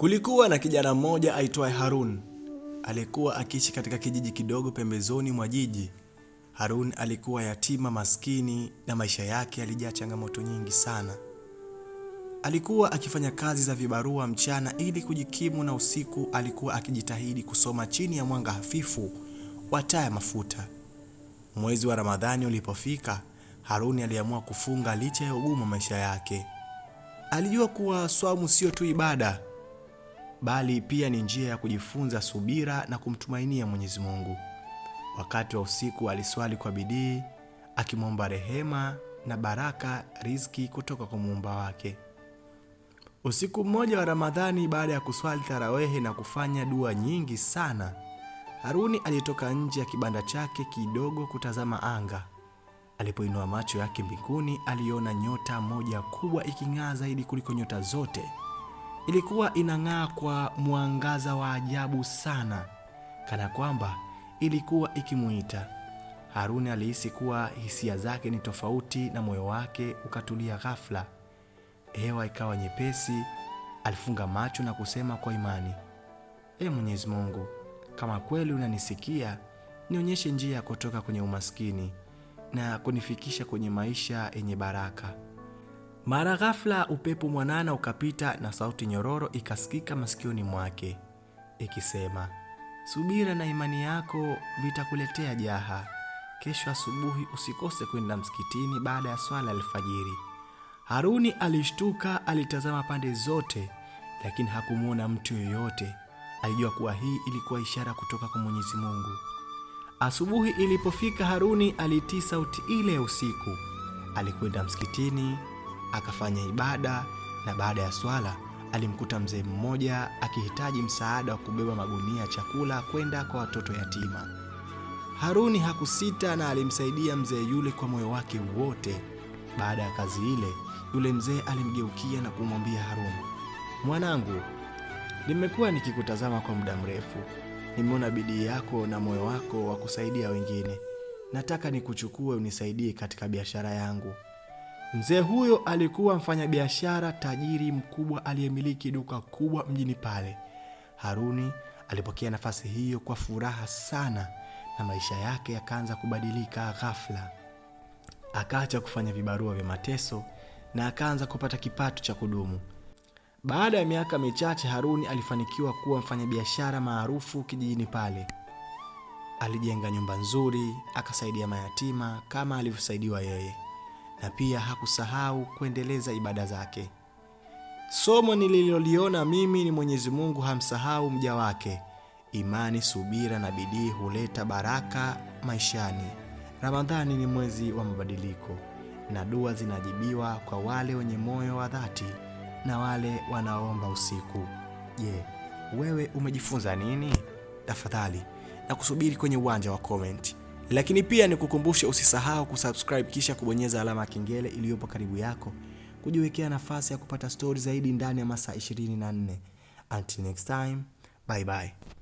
Kulikuwa na kijana mmoja aitwaye Harun alikuwa akiishi katika kijiji kidogo pembezoni mwa jiji. Harun alikuwa yatima maskini na maisha yake yalijaa changamoto nyingi sana. Alikuwa akifanya kazi za vibarua mchana ili kujikimu, na usiku alikuwa akijitahidi kusoma chini ya mwanga hafifu wa taa ya mafuta. Mwezi wa Ramadhani ulipofika, Harun aliamua kufunga licha ya ugumu maisha yake. Alijua kuwa swamu sio tu ibada bali pia ni njia ya kujifunza subira na kumtumainia Mwenyezi Mungu. Wakati wa usiku aliswali kwa bidii akimwomba rehema na baraka riziki kutoka kwa muumba wake. Usiku mmoja wa Ramadhani, baada ya kuswali tarawehe na kufanya dua nyingi sana, Haruni alitoka nje ya kibanda chake kidogo kutazama anga. Alipoinua macho yake mbinguni, aliona nyota moja kubwa iking'aa zaidi kuliko nyota zote. Ilikuwa inang'aa kwa mwangaza wa ajabu sana, kana kwamba ilikuwa ikimuita. Haruni alihisi kuwa hisia zake ni tofauti, na moyo wake ukatulia ghafla. Hewa ikawa nyepesi. Alifunga macho na kusema kwa imani, E Mwenyezi Mungu, kama kweli unanisikia, nionyeshe njia ya kutoka kwenye umaskini na kunifikisha kwenye maisha yenye baraka. Mara ghafla upepo mwanana ukapita na sauti nyororo ikasikika masikioni mwake ikisema, subira na imani yako vitakuletea jaha. Kesho asubuhi usikose kwenda msikitini baada ya swala alfajiri. Haruni alishtuka, alitazama pande zote, lakini hakumwona mtu yoyote. Alijua kuwa hii ilikuwa ishara kutoka kwa Mwenyezi Mungu. Asubuhi ilipofika, Haruni alitii sauti ile ya usiku. Alikwenda msikitini akafanya ibada, na baada ya swala alimkuta mzee mmoja akihitaji msaada wa kubeba magunia ya chakula kwenda kwa watoto yatima. Haruni hakusita na alimsaidia mzee yule kwa moyo wake wote. Baada ya kazi ile, yule mzee alimgeukia na kumwambia Haruni, mwanangu, nimekuwa nikikutazama kwa muda mrefu, nimeona bidii yako na moyo wako wa kusaidia wengine. Nataka nikuchukue unisaidie katika biashara yangu. Mzee huyo alikuwa mfanyabiashara tajiri mkubwa aliyemiliki duka kubwa mjini pale. Haruni alipokea nafasi hiyo kwa furaha sana, na maisha yake yakaanza kubadilika ghafla. Akaacha kufanya vibarua vya mateso na akaanza kupata kipato cha kudumu. Baada ya miaka michache, Haruni alifanikiwa kuwa mfanyabiashara maarufu kijijini pale. Alijenga nyumba nzuri, akasaidia mayatima kama alivyosaidiwa yeye na pia hakusahau kuendeleza ibada zake. Somo nililoliona mimi ni Mwenyezi Mungu hamsahau mja wake. Imani, subira na bidii huleta baraka maishani. Ramadhani ni mwezi wa mabadiliko na dua zinajibiwa kwa wale wenye moyo wa dhati na wale wanaomba usiku. Je, wewe umejifunza nini? Tafadhali na kusubiri kwenye uwanja wa komenti. Lakini pia ni kukumbushe usisahau kusubscribe kisha kubonyeza alama ya kengele iliyopo karibu yako kujiwekea nafasi ya kupata stori zaidi ndani ya masaa 24. Until next time, bye bye.